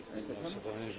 είναι